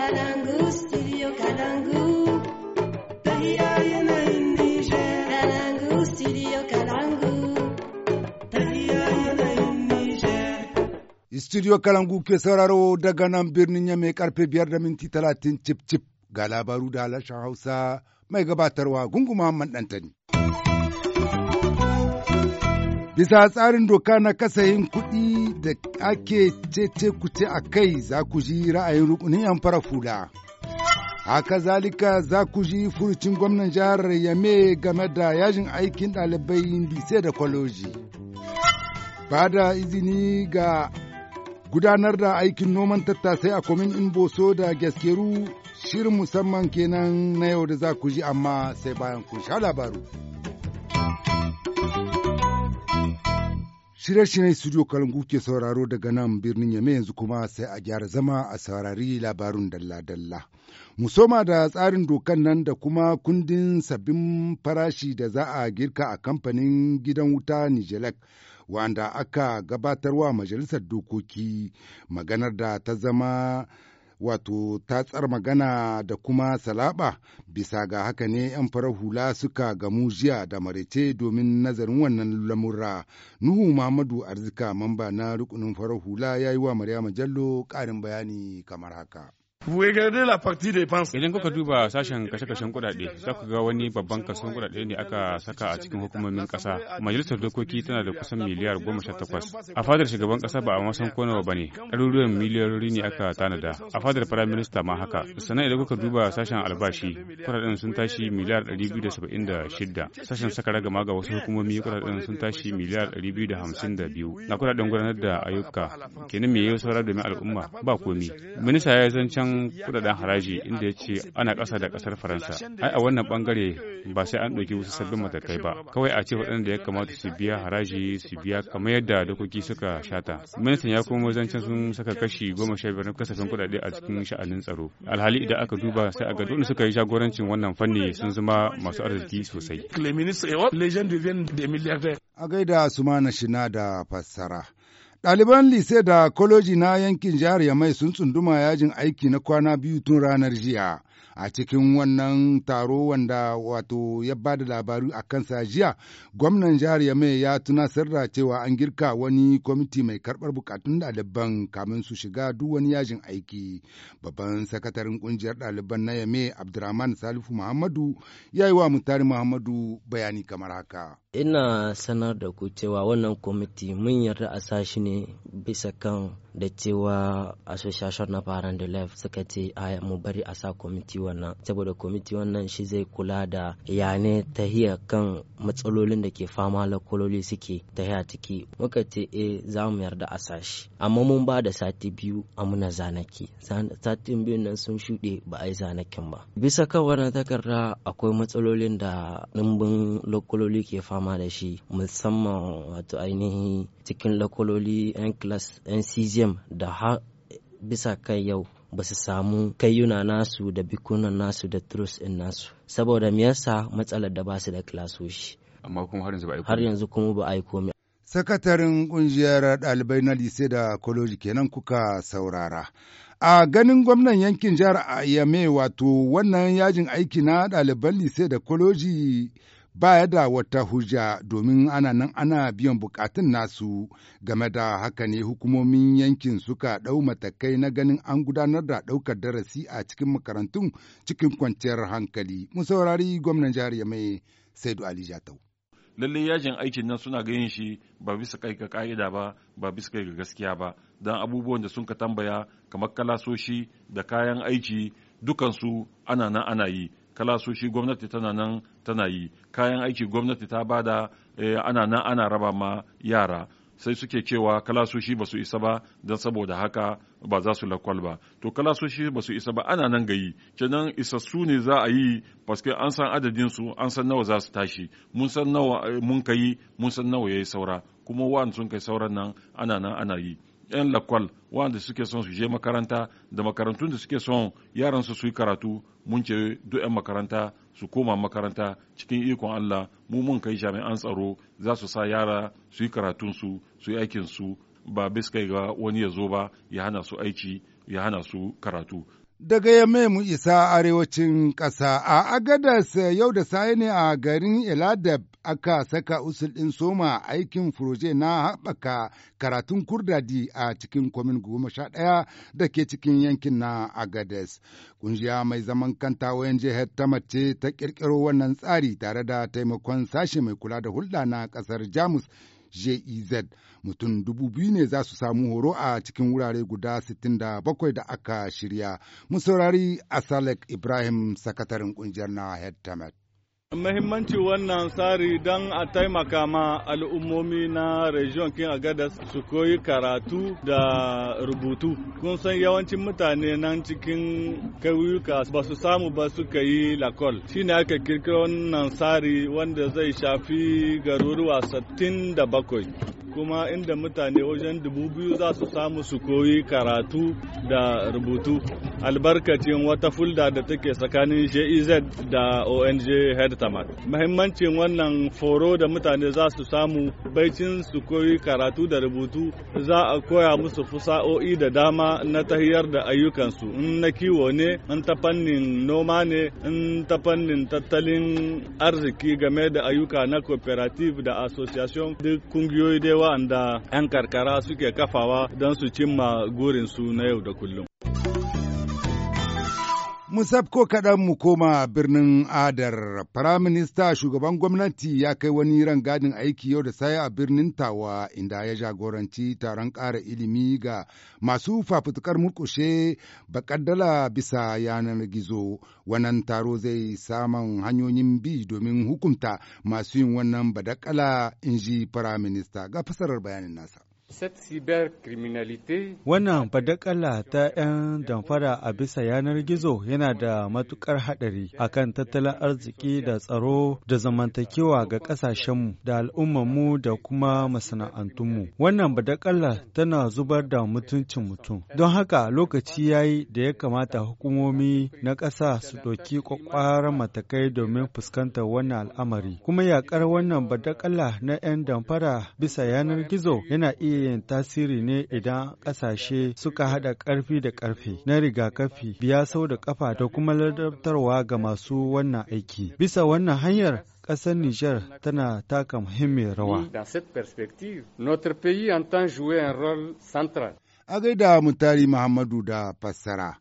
Kalangu, studio Kalangu. Tahira yanayin Nijar. Kalangu, studio Kalangu. Tahira yanayin Nijar. Studio Kalangu ke sauraro daga nan birnin Yame karfe biyar da minti talatin cip cip ga labaru da halashen Hausa mai gabatarwa gunguma man ɗantani. Bisa tsarin doka na kasayin kuɗi da ake cece kuce a kai za ku ji ra'ayin rukunin 'yan fara fula. Haka zalika za ku ji furucin gwamnan jihar Yame game da yajin aikin ɗalibai lise da kwaloji. Ba da izini ga gudanar da aikin noman tattasai a kwamin Inboso da Gaskeru shirin musamman kenan na yau da za ku ji amma sai bayan kun sha labaru. shi ne studio Kalungu ke sauraro daga nan birnin yamma yanzu kuma sai a gyara zama a saurari labarun dalla-dalla. Musoma da tsarin dokan nan da kuma kundin sabbin farashi da za a girka a kamfanin gidan wuta Nijelek. wanda aka gabatarwa majalisar dokoki maganar da ta zama wato tatsar magana da kuma salaba bisa ga haka ne 'yan farar hula suka gamu jiya da marece domin nazarin wannan lamura nuhu muhammadu arzika mamba na rukunin farar hula ya yi wa maryama jallo ƙarin bayani kamar haka Idan kuka duba sashen kashe-kashen kudade za ku ga wani babban kason kudade ne aka saka a cikin hukumomin kasa Majalisar dokoki tana da kusan miliyar goma sha takwas. A fadar shugaban kasa ba a masan ko ba ne, ɗaruruwan miliyoyi ne aka tanada. A fadar firayim minista ma haka. Sannan idan kuka duba sashen albashi, kudaden sun tashi miliyar ɗari biyu da saba'in da shida. Sashen saka ragama ga wasu hukumomi kudaden sun tashi miliyar ɗari biyu da hamsin da biyu. Na kudaden gudanar da ayyuka, kenan me ya saura domin al'umma ba komi. Minista ya zancen batun kudaden haraji inda ya ce ana ƙasa da ƙasar faransa ai a wannan bangare ba sai an ɗauki wasu sabbin matakai ba kawai a ce waɗanda ya kamata su biya haraji su biya kamar yadda dokoki suka shata ministan ya kuma zancen sun saka kashi goma sha biyar na kasafin kuɗaɗe a cikin sha'anin tsaro alhali idan aka duba sai a ga dole suka yi jagorancin wannan fanni sun zama masu arziki sosai a gaida sumana shina da fassara Ɗaliban lise da koloji na yankin jihar Yamai sun tsunduma yajin aiki na kwana biyu tun ranar jiya. a cikin wannan taro wanda wato ya ba da labaru a kansa jiya gwamnan jihar yame ya tuna da cewa an girka wani kwamiti mai karbar bukatun ɗaliban kamin su shiga duk wani yajin aiki babban sakataren ƙungiyar ɗaliban na yame abdurrahman salifu muhammadu ya yi wa mutari muhammadu bayani kamar haka ina sanar da ku cewa wannan kwamiti mun yarda a sashi ne bisa kan da cewa association na faran da suka ce a mu bari a sa kwamiti wannan saboda kwamiti wannan shi zai kula da yane tahiya kan matsalolin da ke fama kololi suke tahiya ciki muka ce e za mu yarda a sashi amma mun ba da sati biyu a muna zanaki sati biyu nan sun shuɗe ba a yi zanakin ba bisa kan wannan takarda akwai matsalolin da ɗumbin lokololi ke fama da shi musamman wato ainihi cikin lokololi 'yan class 'yan cgm da har bisa kai yau ba su samu kayyuna nasu da bikunan nasu da trus in nasu saboda me yasa matsalar da ba su da klasoshi amma kuma har yanzu ba har yanzu kuma ba a yi komai sakataren kungiyar ɗalibai na lise da koloji kenan kuka saurara a ganin gwamnan yankin jihar yame wato wannan yajin aiki na ɗaliban lise da koloji baya da wata hujja domin ana nan ana biyan bukatun nasu game da haka ne hukumomin yankin suka ɗau matakai na ganin an gudanar da ɗaukar darasi a cikin makarantun cikin kwanciyar hankali. Mu saurari gwamnan jihar Yamai Saidu Ali Jatau. lallai yajin aikin nan suna ganin shi ba bisa kai ga ka'ida ba ba bisa kai ga gaskiya ba don abubuwan da sun ka tambaya kamar kalasoshi da kayan aiki dukansu ana nan ana yi kalasoshi gwamnati tana nan tana yi kayan aiki gwamnati ta bada eh, ana nan ana raba ma yara sai suke cewa kalasoshi ba su isa ba don saboda haka ba za su lakwal ba to kalasoshi ba su isa ba ana nan gayi kenan isassu ne za a yi paske an san adadin su an san nawa za su tashi mun san nawa eh, mun kai mun san nawa yayi saura kuma wa'an sun kai sauran nan ana nan ana yi 'yan lakwal wanda suke son su je makaranta da makarantun da suke son yaransu su yi karatu mun ce duk 'yan makaranta su koma makaranta cikin ikon Allah mu mun kai jami'an tsaro za su sa yara su yi karatunsu su yi aikinsu ba biskai ga wani ya zo ba ya hana su aiki ya hana su karatu Daga Yamme mu isa arewacin ƙasa a Agadas yau da sa'i ne a garin Eladab aka saka usul ɗin soma aikin furoje na haɓaka karatun kurdadi a cikin kwamin goma sha ɗaya da ke cikin yankin na agadas Kungiya mai zaman kanta wayan jihar ta mace ta ƙirƙiro wannan tsari tare da taimakon sashe mai kula da hulɗa na ƙasar Jamus JEZ mutum dubu biyu ne za su samu horo a cikin wurare guda 67 da aka shirya. mun saurari Asalek Ibrahim sakataren ƙungiyar na Head Mahimmanci wannan tsari don a taimaka ma al'ummomi na region King Agadas su koyi karatu da rubutu. Kun san yawancin mutane nan cikin kauyuka ba su samu ba suka yi lakol. Shi ne aka kirkiro wannan tsari wanda zai shafi garuruwa 67. kuma inda mutane wajen dubu biyu za su samu su koyi karatu da rubutu albarkacin wata fulda da take tsakanin jez da ong headtamat mahimmancin wannan foro da mutane za su samu baicin su koyi karatu da rubutu za a koya musu fusa'o'i da dama na tahiyar da ayyukansu in na kiwo ne in ta fannin noma ne in ta fannin tattalin arziki game da ayyuka na cooperative da association duk kungiyoyi dai wanda 'yan karkara suke kafawa don su cimma gurinsu na yau da kullum. Mu sabko kaɗan mu koma birnin Adar. Firaminista shugaban gwamnati ya kai wani rangadin aiki yau da sai a birnin Tawa inda ya jagoranci taron ƙara ilimi ga masu fafutukar murƙushe baƙaddala bisa yanar gizo. Wannan taro zai saman hanyoyin bi domin hukunta masu yin wannan badakala in ji Firaminista ga fasarar bayanin nasa. Wannan fadakala ta 'yan damfara a bisa yanar gizo yana da matukar haɗari akan tattalin arziki da tsaro da zamantakewa ga ƙasashenmu da al'ummanmu da kuma masana'antunmu. Wannan fadakala tana zubar da mutuncin mutum. Don haka lokaci ya yi da ya kamata hukumomi na ƙasa su ɗauki ƙwaƙwaran matakai domin fuskantar wannan al'amari. Kuma yaƙar wannan fadakala na 'yan damfara bisa yanar gizo yana iya yin tasiri ne idan ƙasashe suka haɗa ƙarfi da ƙarfe na rigakafi biya sau da ƙafa da kuma ladabtarwa ga masu wannan aiki. Bisa wannan hanyar ƙasar Nijar tana taka muhimmiyar rawa. A gaida Mutari Muhammadu da fassara.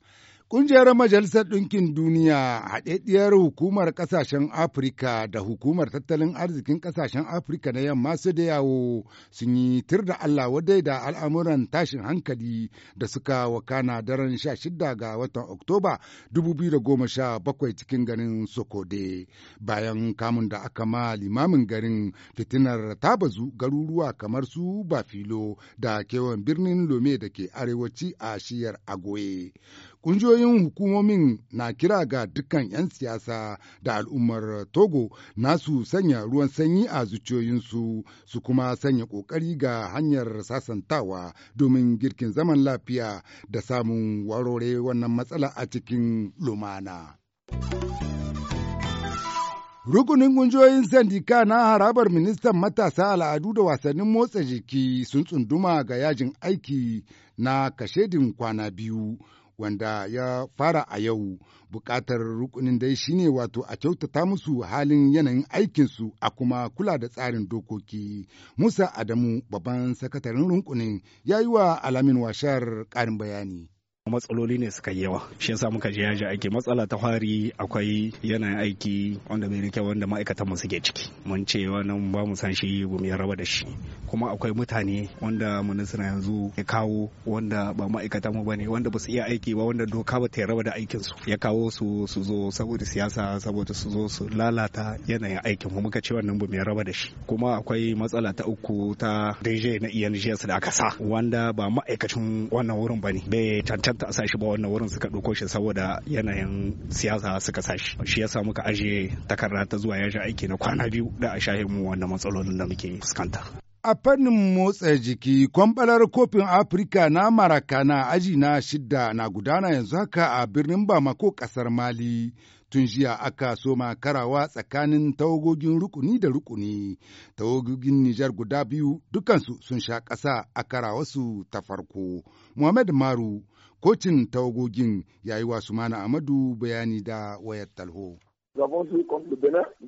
Ƙungiyar Majalisar Ɗinkin Duniya haɗaɗɗiyar hukumar ƙasashen Afirka da hukumar tattalin arzikin ƙasashen Afirka na yamma su da yawo sun yi tir da Allah wadai da al'amuran tashin hankali da suka wakana daren 16 ga watan Oktoba 2017 cikin garin Sokode. Bayan kamun da aka ma limamin garin fitinar ta bazu garuruwa kamar su Bafilo da kewan birnin Lome da ke arewaci a shiyar Agoye. Ƙungiyoyin hukumomin na kira ga dukkan 'yan siyasa da al'ummar Togo nasu sanya ruwan sanyi a zuciyoyinsu su kuma sanya ƙoƙari ga hanyar sasantawa domin girkin zaman lafiya da samun warware wannan matsala a cikin lumana. Rukunin kungiyoyin sandika na harabar ministan matasa al'adu da wasannin motsa jiki sun tsunduma ga yajin aiki na kashedin kwana biyu wanda ya fara a yau buƙatar rukunin dai shine wato a kyautata musu halin yanayin aikinsu a kuma kula da tsarin dokoki musa adamu babban sakataren rukunin ya yi wa alamin washar ƙarin bayani matsaloli ne suka yawa shi yasa muka je yaji aiki matsala ta fari akwai yanayin aiki wanda bai rike wanda ma'aikatan mu suke ciki mun ce wannan ba mu san shi mu raba da shi kuma akwai mutane wanda ministan yanzu ya kawo wanda ba ma'aikatan mu bane wanda ba su iya aiki ba wanda doka ba ta raba da aikin su ya kawo su su zo saboda siyasa saboda su zo su lalata yanayin aikin mu muka ce wannan ba mu raba da shi kuma akwai matsala ta uku ta DJ na ENGS da aka sa wanda ba ma'aikacin wannan wurin bane bai tantan kamata a sashi ba wannan wurin suka ɗauko shi saboda yanayin siyasa suka sashi shi sa muka aje takarda ta zuwa yajin aiki na kwana biyu da a shahin mu wannan matsalolin da muke fuskanta a fannin motsa jiki kwambalar kofin afirka na marakana aji na shidda na gudana yanzu haka a birnin bamako kasar mali tun jiya aka soma karawa tsakanin tawagogin rukuni da rukuni tawagogin nijar guda biyu dukansu sun sha ƙasa a karawarsu ta farko muhammad maru kocin tawagogin yayi wasu mana amadu bayani da wayar talho.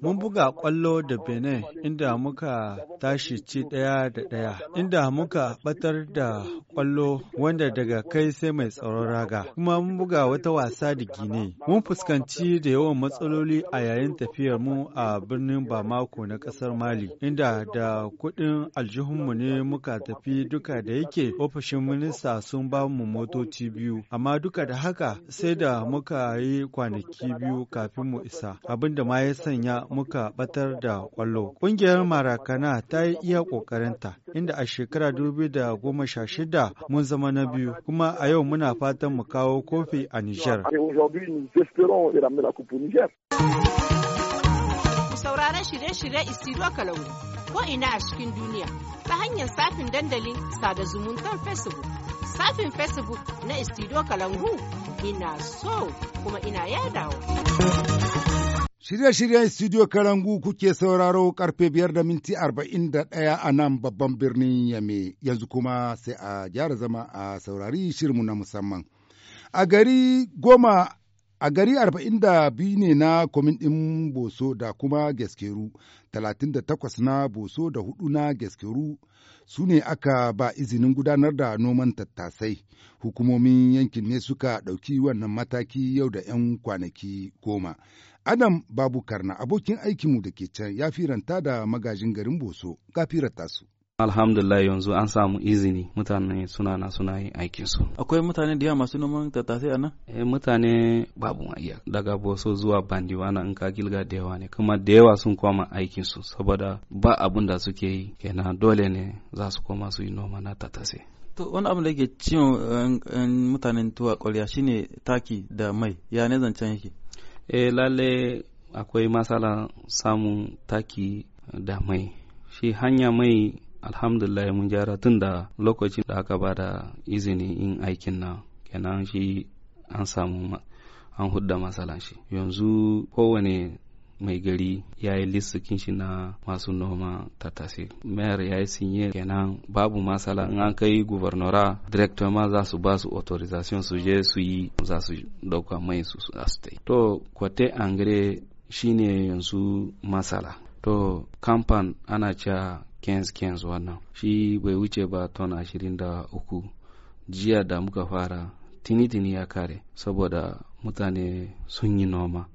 Mun buga ƙwallo da Benin inda muka tashi ci ɗaya da ɗaya, inda muka batar da kwallo wanda daga kai sai mai tsaron raga. Kuma mun buga wata wasa da Gine. Mun fuskanci da yawan matsaloli a yayin tafiyar mu a birnin Bamako na ƙasar Mali, inda da kuɗin aljihunmu ne muka tafi duka da yake ofishin minista sun ba mu motoci biyu, amma duka da haka sai da muka yi kwanaki biyu kafin mu isa. abin da ma ya sanya muka batar da kwallo. Ƙungiyar Marakana ta yi iya ƙoƙarinta, inda a shekara da goma sha shida mun zama na biyu, kuma a yau muna fatan mu kawo kofi a Nijar. Sauraron shirye-shirye Isiru Kalangu ko ina a cikin duniya ta hanyar safin dandalin sada zumuntar Facebook. Safin Facebook na Isiru Kalangu ina so kuma ina yadawa. Shirye-shiryen Studio Karangu kuke sauraro karfe biyar da minti arba'in da ɗaya a nan babban birnin Yame, yanzu kuma sai a gyara zama a saurari shirmu na musamman. A gari goma a gari biyu ne na komin ɗin boso da kuma gaskeru takwas na boso da hudu na gaskeru su ne aka ba izinin gudanar da noman tattasai hukumomin yankin ne suka ɗauki wannan mataki yau da 'yan kwanaki goma Adam Babu Karna abokin aikinmu da ke can ya firanta da magajin garin Boso ga ranta su. alhamdulillah yanzu an samu izini mutane suna na suna yin aikin su akwai mutane da yawa masu noman tattasai a nan eh mutane babu iya daga boso zuwa bandiwa na in ka gilga da yawa ne kuma da yawa sun koma aikin su saboda ba abun da suke yi kenan dole ne za su koma su yi noma na tattasai to wani abu da yake ciwon eh, mutanen tuwa ƙwarya shine taki da mai ya ne zancen yake eh lalle akwai matsala samun taki da mai shi hanya mai alhamdulillah mun gyara tun da lokacin da aka bada izini in aikin na kenan shi an samu an hudda matsala shi yanzu kowane mai gari ya yi lissakin shi na masu noma tattasai mayar ya yi sinye kenan babu masala in an kai gubernora director ma za su ba su authorization su je su yi za su dauka mai su su to kwate angare shine yanzu masala to kamfan ana cewa kens kens wannan shi bai wuce ba ton ashirin da uku jiya da muka fara tini-tini ya kare saboda mutane sun yi noma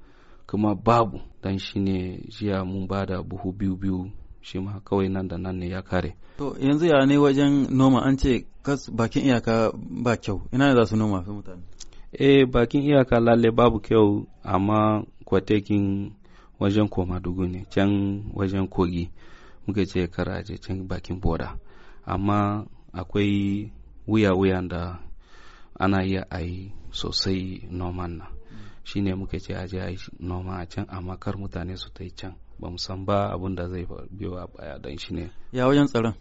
kuma babu dan shi ne jiya mun ba da buhu biyu biyu shi ma kawai nan da nan ne ya kare to yanzu ya ne wajen noma an ce kas bakin iyaka ba kyau ina ne za su noma su mutane eh bakin iyaka lalle babu kyau amma kwatekin wajen koma dugu ne can wajen kogi muka ce karaje can bakin boda amma akwai wuya-wuyan da ana iya a yi sosai noman nan shine muka ce aje a noma a can amma kar mutane su ta yi can ba mu san ba abin da zai biyo a baya dan shi ne ya wajen tsaron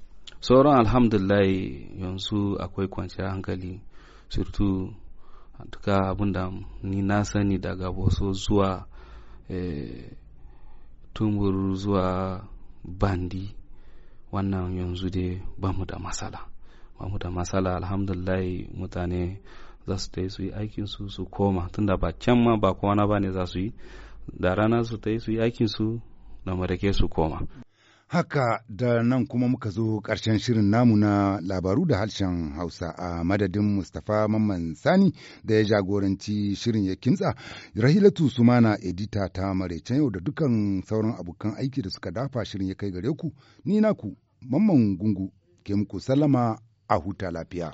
sauran alhamdulillah yanzu akwai kwanciyar hankali surtu duka abin ni na sani daga boso zuwa eh, tumbur zuwa bandi wannan yanzu dai ba mu da masala ba mu da matsala alhamdulillah mutane za su yi su yi aikin su su koma tunda ba can ma ba kwana ba ne za su yi da rana su ta yi su yi aikin su da madake su koma haka da nan kuma muka zo ƙarshen shirin namu na labaru da harshen hausa a madadin mustapha mamman sani da ya jagoranci shirin ya kintsa rahilatu sumana edita ta maraicen yau da dukan sauran abokan aiki da suka dafa shirin ya kai gare ku ni naku mamman gungu ke muku sallama a huta lafiya.